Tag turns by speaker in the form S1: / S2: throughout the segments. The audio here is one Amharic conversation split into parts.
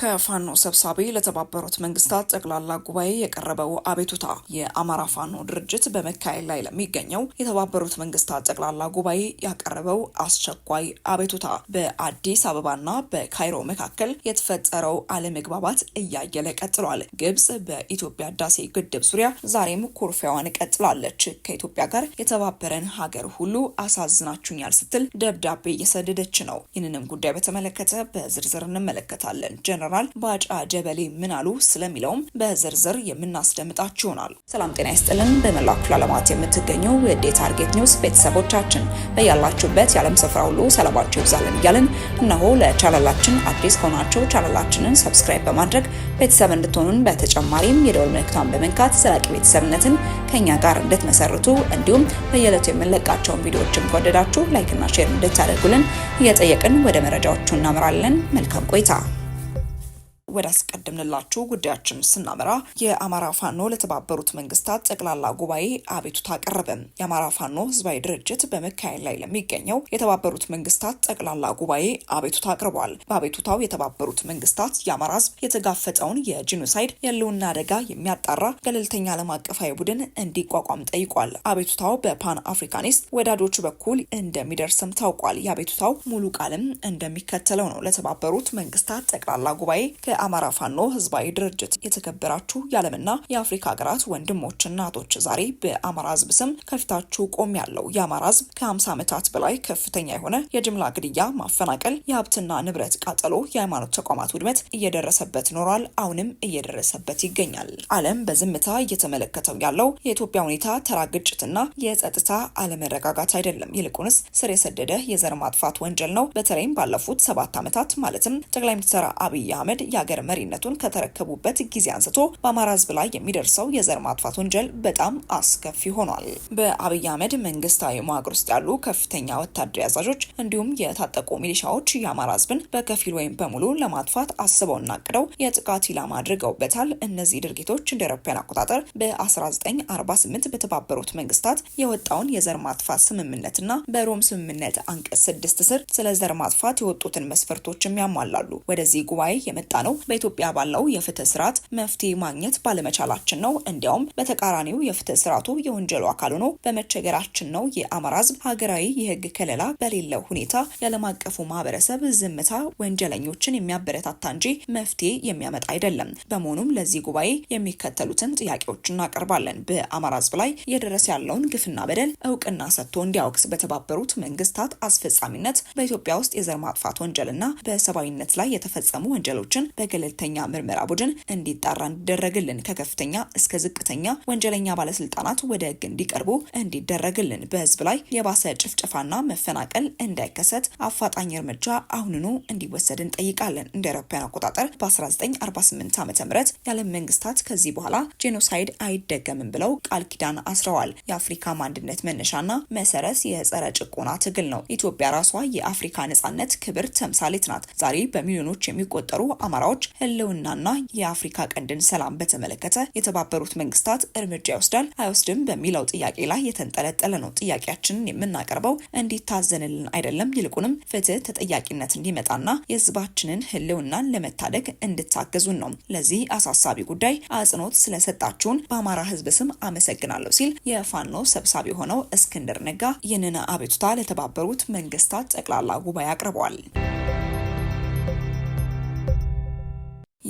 S1: ከፋኖ ሰብሳቢ ለተባበሩት መንግስታት ጠቅላላ ጉባኤ የቀረበው አቤቱታ የአማራ ፋኖ ድርጅት በመካሄድ ላይ ለሚገኘው የተባበሩት መንግስታት ጠቅላላ ጉባኤ ያቀረበው አስቸኳይ አቤቱታ በአዲስ አበባና በካይሮ መካከል የተፈጠረው አለመግባባት እያየለ ቀጥሏል። ግብጽ በኢትዮጵያ ህዳሴ ግድብ ዙሪያ ዛሬም ኩርፊያዋን ቀጥላለች። ከኢትዮጵያ ጋር የተባበረን ሀገር ሁሉ አሳዝናችሁኛል ስትል ደብዳቤ እየሰደደች ነው። ይህንንም ጉዳይ በተመለከተ በዝርዝር እንመለከታለን። ጀነራል ጀነራል ባጫ ጀበሌ ምን አሉ ስለሚለውም በዝርዝር የምናስደምጣችሁ ይሆናል።
S2: ሰላም ጤና ይስጥልን። በመላ ክፍለ ዓለማት የምትገኙ የዴ ታርጌት ኒውስ ቤተሰቦቻችን በያላችሁበት የዓለም ስፍራ ሁሉ ሰላማችሁ ይብዛልን እያልን እነሆ ለቻናላችን አዲስ ከሆናችሁ ቻናላችንን ሰብስክራይብ በማድረግ ቤተሰብ እንድትሆኑን በተጨማሪም የደወል ምልክቷን በመንካት ዘላቂ ቤተሰብነትን ከኛ ጋር እንድትመሰርቱ እንዲሁም በየዕለቱ የምንለቃቸውን ቪዲዮዎችን ከወደዳችሁ ላይክና ሼር እንድታደርጉልን እየጠየቅን ወደ መረጃዎቹ እናምራለን። መልካም ቆይታ
S1: ወደ አስቀድምንላችሁ ጉዳያችን ስናመራ የአማራ ፋኖ ለተባበሩት መንግስታት ጠቅላላ ጉባኤ አቤቱታ አቀረበ። የአማራ ፋኖ ህዝባዊ ድርጅት በመካሄድ ላይ ለሚገኘው የተባበሩት መንግስታት ጠቅላላ ጉባኤ አቤቱታ አቅርቧል። በአቤቱታው የተባበሩት መንግስታት የአማራ ህዝብ የተጋፈጠውን የጂኖሳይድ የህልውና አደጋ የሚያጣራ ገለልተኛ ዓለም አቀፋዊ ቡድን እንዲቋቋም ጠይቋል። አቤቱታው በፓን አፍሪካኒስት ወዳጆች በኩል እንደሚደርስም ታውቋል። የአቤቱታው ሙሉ ቃልም እንደሚከተለው ነው። ለተባበሩት መንግስታት ጠቅላላ ጉባኤ የአማራ ፋኖ ህዝባዊ ድርጅት የተከበራችሁ የዓለምና የአፍሪካ ሀገራት ወንድሞች እናቶች፣ ዛሬ በአማራ ህዝብ ስም ከፊታችሁ ቆም ያለው የአማራ ህዝብ ከ50 ዓመታት በላይ ከፍተኛ የሆነ የጅምላ ግድያ፣ ማፈናቀል፣ የሀብትና ንብረት ቃጠሎ፣ የሃይማኖት ተቋማት ውድመት እየደረሰበት ኖሯል አሁንም እየደረሰበት ይገኛል። ዓለም በዝምታ እየተመለከተው ያለው የኢትዮጵያ ሁኔታ ተራ ግጭትና የጸጥታ አለመረጋጋት አይደለም። ይልቁንስ ስር የሰደደ የዘር ማጥፋት ወንጀል ነው። በተለይም ባለፉት ሰባት ዓመታት ማለትም ጠቅላይ ሚኒስትር አብይ አህመድ የሀገር መሪነቱን ከተረከቡበት ጊዜ አንስቶ በአማራ ህዝብ ላይ የሚደርሰው የዘር ማጥፋት ወንጀል በጣም አስከፊ ሆኗል። በአብይ አህመድ መንግስታዊ መዋቅር ውስጥ ያሉ ከፍተኛ ወታደራዊ አዛዦች እንዲሁም የታጠቁ ሚሊሻዎች የአማራ ህዝብን በከፊል ወይም በሙሉ ለማጥፋት አስበውና አቅደው የጥቃት ኢላማ አድርገውበታል። እነዚህ ድርጊቶች እንደ አውሮፓውያን አቆጣጠር በ1948 በተባበሩት መንግስታት የወጣውን የዘር ማጥፋት ስምምነትና በሮም ስምምነት አንቀጽ ስድስት ስር ስለ ዘር ማጥፋት የወጡትን መስፈርቶችም ያሟላሉ። ወደዚህ ጉባኤ የመጣ ነው በኢትዮጵያ ባለው የፍትህ ስርዓት መፍትሄ ማግኘት ባለመቻላችን ነው። እንዲያውም በተቃራኒው የፍትህ ስርዓቱ የወንጀሉ አካል ሆኖ በመቸገራችን ነው። የአማራ ህዝብ ሀገራዊ የህግ ከለላ በሌለው ሁኔታ የዓለም አቀፉ ማህበረሰብ ዝምታ ወንጀለኞችን የሚያበረታታ እንጂ መፍትሄ የሚያመጣ አይደለም። በመሆኑም ለዚህ ጉባኤ የሚከተሉትን ጥያቄዎች እናቀርባለን። በአማራ ህዝብ ላይ እየደረሰ ያለውን ግፍና በደል እውቅና ሰጥቶ እንዲያውቅስ በተባበሩት መንግስታት አስፈጻሚነት በኢትዮጵያ ውስጥ የዘር ማጥፋት ወንጀልና በሰብአዊነት ላይ የተፈጸሙ ወንጀሎችን በ በገለልተኛ ምርመራ ቡድን እንዲጣራ እንዲደረግልን፣ ከከፍተኛ እስከ ዝቅተኛ ወንጀለኛ ባለስልጣናት ወደ ህግ እንዲቀርቡ እንዲደረግልን፣ በህዝብ ላይ የባሰ ጭፍጨፋና መፈናቀል እንዳይከሰት አፋጣኝ እርምጃ አሁንኑ እንዲወሰድ እንጠይቃለን። እንደ አውሮፓውያን አቆጣጠር በ1948 ዓ ም የዓለም መንግስታት ከዚህ በኋላ ጄኖሳይድ አይደገምም ብለው ቃል ኪዳን አስረዋል። የአፍሪካ አንድነት መነሻና መሰረት የጸረ ጭቆና ትግል ነው። ኢትዮጵያ ራሷ የአፍሪካ ነጻነት ክብር ተምሳሌት ናት። ዛሬ በሚሊዮኖች የሚቆጠሩ አማራዎች ሀገሮች ህልውናና የአፍሪካ ቀንድን ሰላም በተመለከተ የተባበሩት መንግስታት እርምጃ ይወስዳል አይወስድም በሚለው ጥያቄ ላይ የተንጠለጠለ ነው። ጥያቄያችንን የምናቀርበው እንዲታዘንልን አይደለም፣ ይልቁንም ፍትህ፣ ተጠያቂነት እንዲመጣና የህዝባችንን ህልውናን ለመታደግ እንድታገዙን ነው። ለዚህ አሳሳቢ ጉዳይ አጽንኦት ስለሰጣችሁን በአማራ ህዝብ ስም አመሰግናለሁ ሲል የፋኖ ሰብሳቢ የሆነው እስክንድር ነጋ ይህንን አቤቱታ ለተባበሩት መንግስታት ጠቅላላ ጉባኤ አቅርበዋል።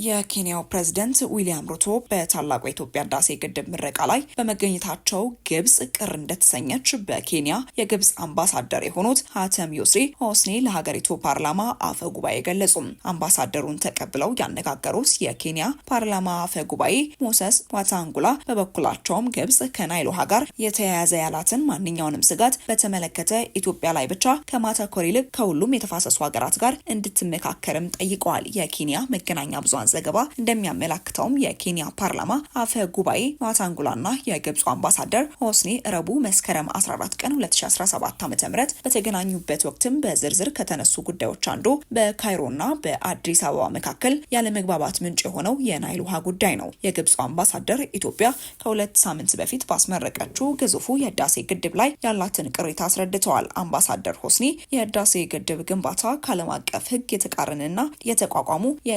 S1: የኬንያው ፕሬዝደንት ዊሊያም ሩቶ በታላቁ የኢትዮጵያ ህዳሴ ግድብ ምረቃ ላይ በመገኘታቸው ግብጽ ቅር እንደተሰኘች በኬንያ የግብጽ አምባሳደር የሆኑት ሀተም ዮስሪ ሆስኒ ለሀገሪቱ ፓርላማ አፈ ጉባኤ ገለጹ። አምባሳደሩን ተቀብለው ያነጋገሩት የኬንያ ፓርላማ አፈ ጉባኤ ሞሰስ ዋታንጉላ በበኩላቸውም ግብጽ ከናይል ውሃ ጋር የተያያዘ ያላትን ማንኛውንም ስጋት በተመለከተ ኢትዮጵያ ላይ ብቻ ከማተኮር ይልቅ ከሁሉም የተፋሰሱ ሀገራት ጋር እንድትመካከርም ጠይቀዋል። የኬንያ መገናኛ ብዙሃን ዘገባ እንደሚያመላክተውም የኬንያ ፓርላማ አፈ ጉባኤ ማታንጉላና የግብፁ አምባሳደር ሆስኒ ረቡ መስከረም 14 ቀን 2017 ዓ.ም በተገናኙበት ወቅትም በዝርዝር ከተነሱ ጉዳዮች አንዱ በካይሮና በአዲስ አበባ መካከል ያለመግባባት ምንጭ የሆነው የናይል ውሃ ጉዳይ ነው። የግብፁ አምባሳደር ኢትዮጵያ ከሁለት ሳምንት በፊት ባስመረቀችው ግዙፉ የህዳሴ ግድብ ላይ ያላትን ቅሬታ አስረድተዋል። አምባሳደር ሆስኒ የህዳሴ ግድብ ግንባታ ከዓለም አቀፍ ህግ የተቃረንና የተቋቋሙ የህግ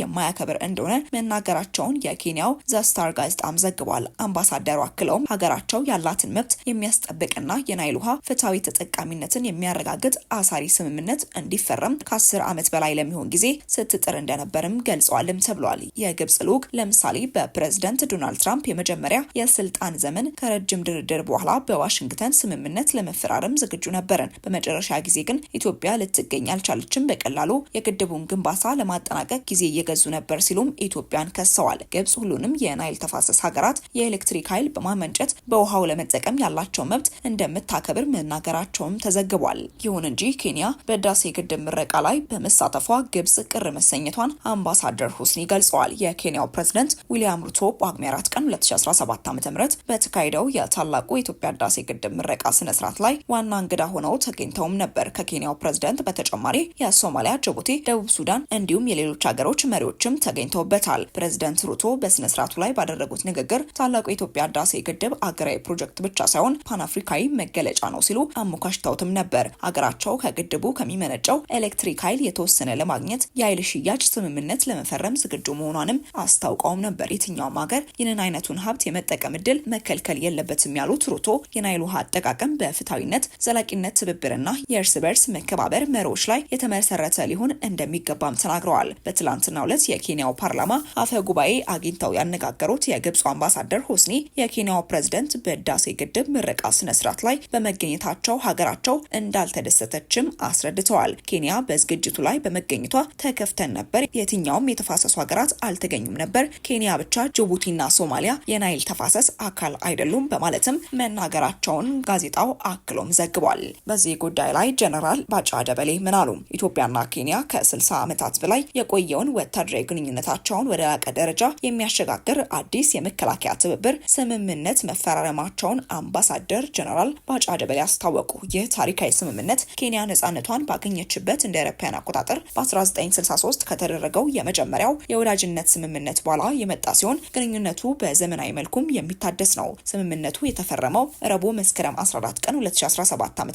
S1: የ የማያከብር እንደሆነ መናገራቸውን የኬንያው ዘስታር ጋዜጣም ዘግቧል። አምባሳደሩ አክለውም ሀገራቸው ያላትን መብት የሚያስጠብቅና የናይል ውሃ ፍትሐዊ ተጠቃሚነትን የሚያረጋግጥ አሳሪ ስምምነት እንዲፈረም ከአስር ዓመት በላይ ለሚሆን ጊዜ ስትጥር እንደነበርም ገልጸዋልም ተብሏል። የግብጽ ልዑክ ለምሳሌ በፕሬዝደንት ዶናልድ ትራምፕ የመጀመሪያ የስልጣን ዘመን ከረጅም ድርድር በኋላ በዋሽንግተን ስምምነት ለመፈራረም ዝግጁ ነበርን። በመጨረሻ ጊዜ ግን ኢትዮጵያ ልትገኝ አልቻለችም። በቀላሉ የግድቡን ግንባታ ለማጠናቀቅ ጊዜ እየገ ይገዙ ነበር ሲሉም ኢትዮጵያን ከሰዋል። ግብጽ ሁሉንም የናይል ተፋሰስ ሀገራት የኤሌክትሪክ ኃይል በማመንጨት በውሃው ለመጠቀም ያላቸውን መብት እንደምታከብር መናገራቸውም ተዘግቧል። ይሁን እንጂ ኬንያ በህዳሴ ግድብ ምረቃ ላይ በመሳተፏ ግብጽ ቅር መሰኘቷን አምባሳደር ሁስኒ ገልጸዋል። የኬንያው ፕሬዝደንት ዊሊያም ሩቶ ጳጉሜ 4 ቀን 2017 ዓ.ም በተካሄደው የታላቁ የኢትዮጵያ ህዳሴ ግድብ ምረቃ ስነስርዓት ላይ ዋና እንግዳ ሆነው ተገኝተውም ነበር። ከኬንያው ፕሬዝደንት በተጨማሪ የሶማሊያ፣ ጅቡቲ፣ ደቡብ ሱዳን እንዲሁም የሌሎች ሀገሮች መሪዎች መሪዎችም ተገኝተውበታል። ፕሬዚደንት ሩቶ በስነ ስርዓቱ ላይ ባደረጉት ንግግር ታላቁ የኢትዮጵያ ህዳሴ ግድብ አገራዊ ፕሮጀክት ብቻ ሳይሆን ፓንአፍሪካዊ መገለጫ ነው ሲሉ አሞካሽተውትም ነበር። አገራቸው ከግድቡ ከሚመነጨው ኤሌክትሪክ ኃይል የተወሰነ ለማግኘት የኃይል ሽያጭ ስምምነት ለመፈረም ዝግጁ መሆኗንም አስታውቀውም ነበር። የትኛውም ሀገር ይህንን አይነቱን ሀብት የመጠቀም እድል መከልከል የለበትም ያሉት ሩቶ የናይል ውሃ አጠቃቀም በፍትሐዊነት፣ ዘላቂነት፣ ትብብርና የእርስ በርስ መከባበር መሪዎች ላይ የተመሰረተ ሊሆን እንደሚገባም ተናግረዋል። በትላንትና በመመልከት የኬንያው ፓርላማ አፈ ጉባኤ አግኝተው ያነጋገሩት የግብፁ አምባሳደር ሆስኒ የኬንያው ፕሬዝደንት በህዳሴ ግድብ ምረቃ ስነስርዓት ላይ በመገኘታቸው ሀገራቸው እንዳልተደሰተችም አስረድተዋል። ኬንያ በዝግጅቱ ላይ በመገኘቷ ተከፍተን ነበር። የትኛውም የተፋሰሱ ሀገራት አልተገኙም ነበር። ኬንያ ብቻ፣ ጅቡቲና ሶማሊያ የናይል ተፋሰስ አካል አይደሉም በማለትም መናገራቸውን ጋዜጣው አክሎም ዘግቧል። በዚህ ጉዳይ ላይ ጀነራል ባጫ ደበሌ ምን አሉ? ኢትዮጵያና ኬንያ ከ60 ዓመታት በላይ የቆየውን ወታደ ወታደራዊ ግንኙነታቸውን ወደ ላቀ ደረጃ የሚያሸጋግር አዲስ የመከላከያ ትብብር ስምምነት መፈራረማቸውን አምባሳደር ጀነራል ባጫ ደበሌ አስታወቁ። ይህ ታሪካዊ ስምምነት ኬንያ ነጻነቷን ባገኘችበት እንደ አውሮፓውያን አቆጣጠር በ1963 ከተደረገው የመጀመሪያው የወዳጅነት ስምምነት በኋላ የመጣ ሲሆን ግንኙነቱ በዘመናዊ መልኩም የሚታደስ ነው። ስምምነቱ የተፈረመው ረቡዕ መስከረም 14 ቀን 2017 ዓ.ም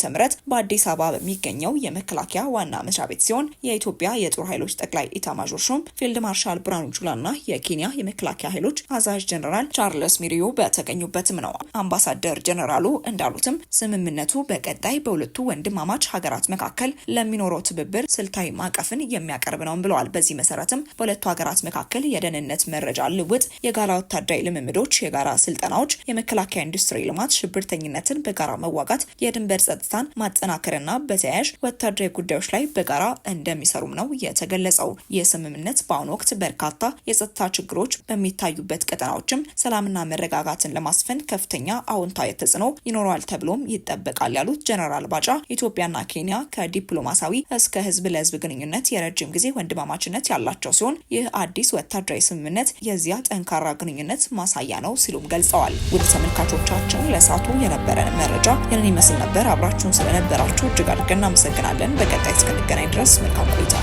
S1: በአዲስ አበባ በሚገኘው የመከላከያ ዋና መስሪያ ቤት ሲሆን የኢትዮጵያ የጦር ኃይሎች ጠቅላይ ኢታማዦር ሹም ፊልድ ማርሻል ብርሃኑ ጁላና የኬንያ የመከላከያ ኃይሎች አዛዥ ጀነራል ቻርለስ ሚሪዮ በተገኙበትም ነው። አምባሳደር ጀነራሉ እንዳሉትም ስምምነቱ በቀጣይ በሁለቱ ወንድማማች ሀገራት መካከል ለሚኖረው ትብብር ስልታዊ ማዕቀፍን የሚያቀርብ ነው ብለዋል። በዚህ መሰረትም በሁለቱ ሀገራት መካከል የደህንነት መረጃ ልውጥ፣ የጋራ ወታደራዊ ልምምዶች፣ የጋራ ስልጠናዎች፣ የመከላከያ ኢንዱስትሪ ልማት፣ ሽብርተኝነትን በጋራ መዋጋት፣ የድንበር ጸጥታን ማጠናከርና በተያያዥ ወታደራዊ ጉዳዮች ላይ በጋራ እንደሚሰሩም ነው የተገለጸው። የስምምነት መንግስት በአሁኑ ወቅት በርካታ የጸጥታ ችግሮች በሚታዩበት ቀጠናዎችም ሰላምና መረጋጋትን ለማስፈን ከፍተኛ አዎንታዊ ተጽዕኖ ይኖረዋል ተብሎም ይጠበቃል ያሉት ጀነራል ባጫ ኢትዮጵያና ኬንያ ከዲፕሎማሳዊ እስከ ህዝብ ለህዝብ ግንኙነት የረጅም ጊዜ ወንድማማችነት ያላቸው ሲሆን ይህ አዲስ ወታደራዊ ስምምነት የዚያ ጠንካራ ግንኙነት ማሳያ ነው ሲሉም ገልጸዋል። ውድ ተመልካቾቻችን ለእሳቱ የነበረን መረጃ ይህንን ይመስል ነበር። አብራችሁን ስለነበራችሁ እጅግ አድርገን እናመሰግናለን። በቀጣይ እስክንገናኝ ድረስ መልካም ቆይታ